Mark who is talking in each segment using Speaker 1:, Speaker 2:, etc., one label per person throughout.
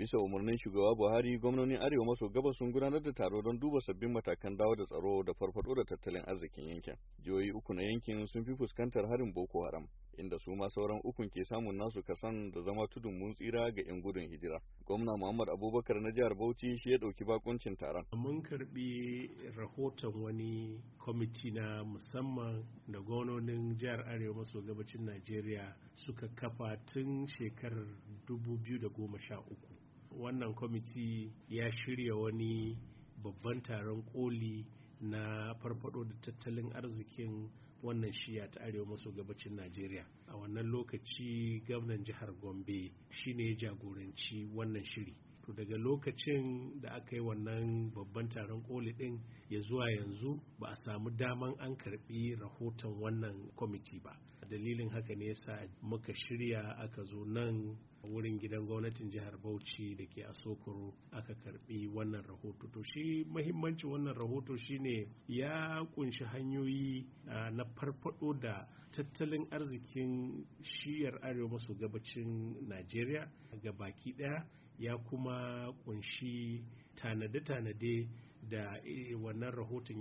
Speaker 1: Bisa umarnin shugaba Buhari, gwamnonin Arewa maso gabas sun gudanar da taro don duba sabbin matakan dawo da tsaro da farfado da tattalin arzikin yankin. Jihohi uku na yankin sun fi fuskantar harin Boko Haram, inda su ma sauran ukun ke samun nasu kasan da zama tudun mun tsira ga 'yan gudun hijira. Gwamna Muhammad Abubakar na jihar Bauchi shi ya ɗauki bakuncin taron.
Speaker 2: Mun karbi rahoton wani kwamiti na musamman da gwamnonin jihar Arewa maso gabacin Najeriya suka kafa tun shekarar 2013. wannan kwamiti ya shirya wani babban taron koli na farfado da tattalin arzikin wannan shiya ta arewa maso gabacin najeriya a wannan lokaci gwamnan jihar gombe shine ya jagoranci wannan shiri to daga lokacin da aka yi wannan babban taron koli din ya zuwa yanzu ba a samu daman an karbi rahoton wannan kwamiti ba dalilin haka ne yasa muka shirya aka zo nan wurin gidan gwamnatin jihar bauchi da ke a sokoro aka karbi wannan rahoto to shi mahimmancin wannan rahoto shine ya kunshi hanyoyi na farfado da tattalin arzikin shiyar arewa maso gabacin najeriya ga baki daya ya kuma kunshi tanade-tanade da wannan rahoton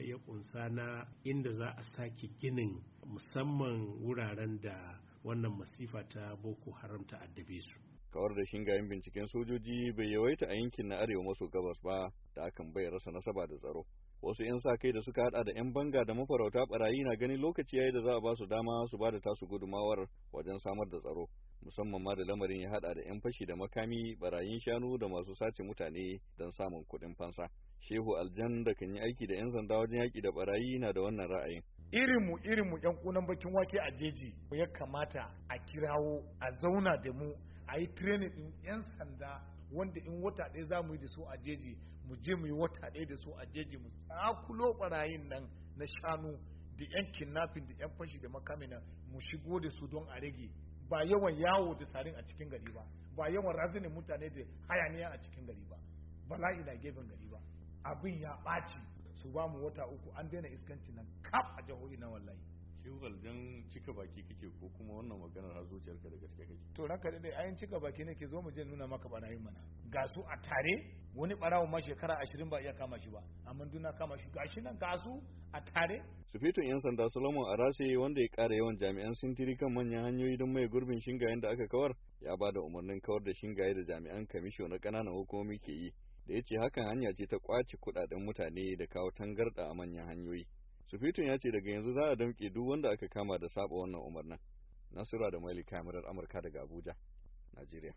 Speaker 2: ya kunsa na inda za a sake ginin musamman wuraren da wannan masifa ta boko haram ta addabe su
Speaker 1: kawar da shingayen binciken sojoji bai yawaita a yankin na arewa maso gabas ba da akan bai rasa nasaba da tsaro wasu 'yan sa-kai da suka hada da 'yan banga da mafarauta barayi na ganin lokaci yayi da za a ba su dama su ba da tasu gudumawar wajen samar da tsaro musamman ma da lamarin ya hada da 'yan fashi da makami barayin shanu da masu sace mutane don samun kuɗin fansa shehu aljan da kan yi aiki da 'yan sanda wajen yaki da barayi na da wannan ra'ayin
Speaker 3: irinmu irinmu 'yan kunan bakin wake a jeji ya kamata a kirawo a zauna da mu a yi training din 'yan sanda wanda in wata ɗaya za mu yi da su a jeji mu je mu yi wata ɗaya da su a jeji mu tsakulo barayin nan na shanu da 'yan kidnapping da 'yan fashi da makami na mu shigo da su don a rage ba yawan yawo da sarin a cikin gari ba ba yawan razinin mutane da hayaniya a cikin gari ba bala'i na gefen gari ba abin ya ɓaci su ba mu wata uku an daina iskanci nan kaf a jihohi na wallahi
Speaker 1: shiwal zaljan cika baki kake ko kuma wannan maganar har zuciyarka da gaske kake
Speaker 3: to ranka dai ayin cika baki ne ke zo mu je nuna maka barayin mana ga su a tare wani barawon ma shekara ashirin ba iya kama shi ba amma duna kama shi gashi nan gasu a tare
Speaker 1: sufetun yan sanda solomon arase wanda ya kara yawan jami'an sintiri kan manyan hanyoyi don mai gurbin shingayen da aka kawar ya ba da umarnin kawar da shingaye da jami'an kamisho na ƙananan hukumomi ke yi da ya ce hakan hanya ce ta kwace kudaden mutane da kawo tangarda a manyan hanyoyi sufetun ya ce daga yanzu za a damƙe duk wanda aka kama da saba wannan umarnin nasura da maili kamarar amurka daga abuja najeriya